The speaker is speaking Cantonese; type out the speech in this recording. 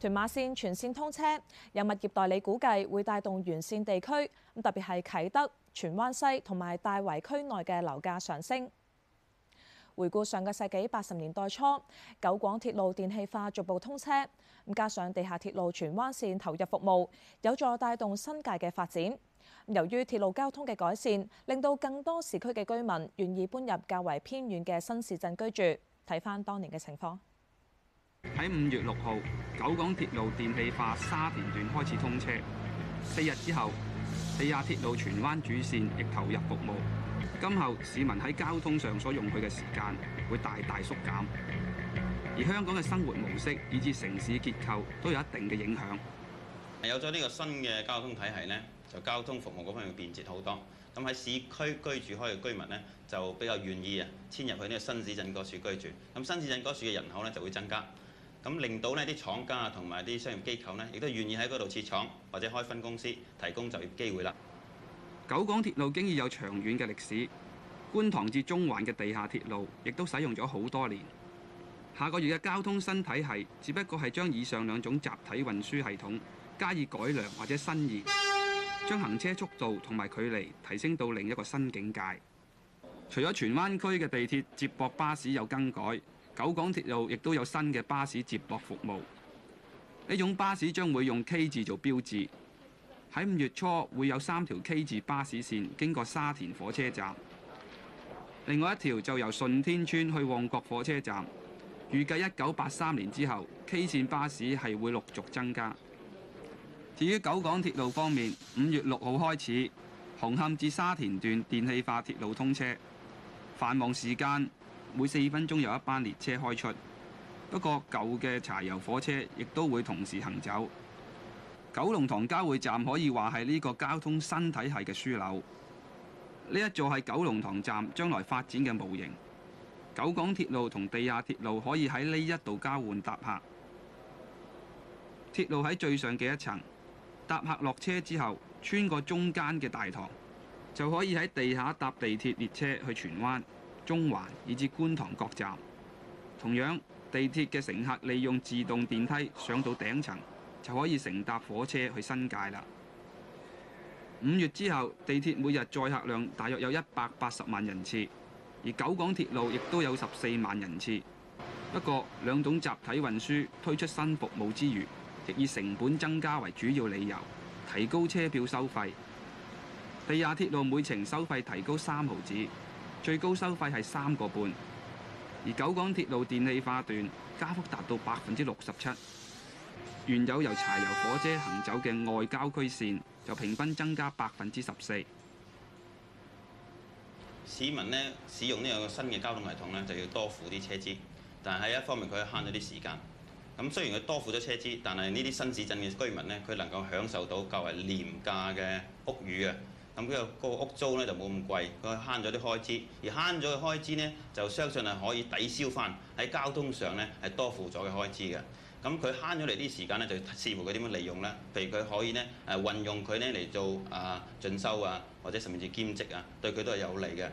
屯馬線全線通車，有物業代理估計會帶動沿線地區，特別係啟德、荃灣西同埋大圍區內嘅樓價上升。回顧上個世紀八十年代初，九廣鐵路電氣化逐步通車，加上地下鐵路荃灣線投入服務，有助帶動新界嘅發展。由於鐵路交通嘅改善，令到更多市區嘅居民願意搬入較為偏遠嘅新市鎮居住。睇翻當年嘅情況。喺五月六號，九廣鐵路電氣化沙田段開始通車。四日之後，地下鐵路荃灣主線亦投入服務。今後市民喺交通上所用佢嘅時間會大大縮減，而香港嘅生活模式以至城市結構都有一定嘅影響。有咗呢個新嘅交通體系呢，就交通服務嗰方面便捷好多。咁喺市區居住開嘅居民呢，就比較願意啊，遷入去呢個新市鎮嗰處居住。咁新市鎮嗰處嘅人口呢，就會增加。咁令到呢啲廠家啊，同埋啲商業機構呢，亦都願意喺嗰度設廠或者開分公司，提供就業機會啦。九廣鐵路經已有長遠嘅歷史，觀塘至中環嘅地下鐵路亦都使用咗好多年。下個月嘅交通新體系，只不過係將以上兩種集體運輸系統加以改良或者新義，將行車速度同埋距離提升到另一個新境界。除咗荃灣區嘅地鐵接駁巴士有更改。九廣鐵路亦都有新嘅巴士接駁服務，呢種巴士將會用 K 字做標誌。喺五月初會有三條 K 字巴士線經過沙田火車站，另外一條就由順天邨去旺角火車站。預計一九八三年之後，K 線巴士係會陸續增加。至於九廣鐵路方面，五月六號開始，紅磡至沙田段電氣化鐵路通車，繁忙時間，每四分鐘有一班列車開出，不過舊嘅柴油火車亦都會同時行走。九龍塘交匯站可以話係呢個交通新體系嘅樞紐。呢一座係九龍塘站將來發展嘅模型。九廣鐵路同地下鐵路可以喺呢一度交換搭客。鐵路喺最上嘅一層，搭客落車之後，穿過中間嘅大堂，就可以喺地下搭地鐵列車去荃灣。中環以至觀塘各站，同樣地鐵嘅乘客利用自動電梯上到頂層，就可以乘搭火車去新界啦。五月之後，地鐵每日載客量大約有一百八十萬人次，而九廣鐵路亦都有十四萬人次。不過，兩種集體運輸推出新服務之餘，亦以成本增加為主要理由，提高車票收費。地下鐵路每程收費提高三毫子。最高收費係三個半，而九廣鐵路電氣化段加幅達到百分之六十七，原有由柴油火車行走嘅外郊區線就平均增加百分之十四。市民呢，使用呢個新嘅交通系統呢，就要多付啲車資，但係一方面佢慳咗啲時間。咁雖然佢多付咗車資，但係呢啲新市鎮嘅居民呢，佢能夠享受到較為廉價嘅屋宇啊！咁佢個屋租咧就冇咁貴，佢慳咗啲開支，而慳咗嘅開支咧就相信係可以抵消翻喺交通上咧係多付咗嘅開支嘅。咁佢慳咗嚟啲時間咧就視乎佢點樣利用啦，譬如佢可以咧誒運用佢咧嚟做啊進修啊，或者甚至兼職啊，對佢都係有利嘅。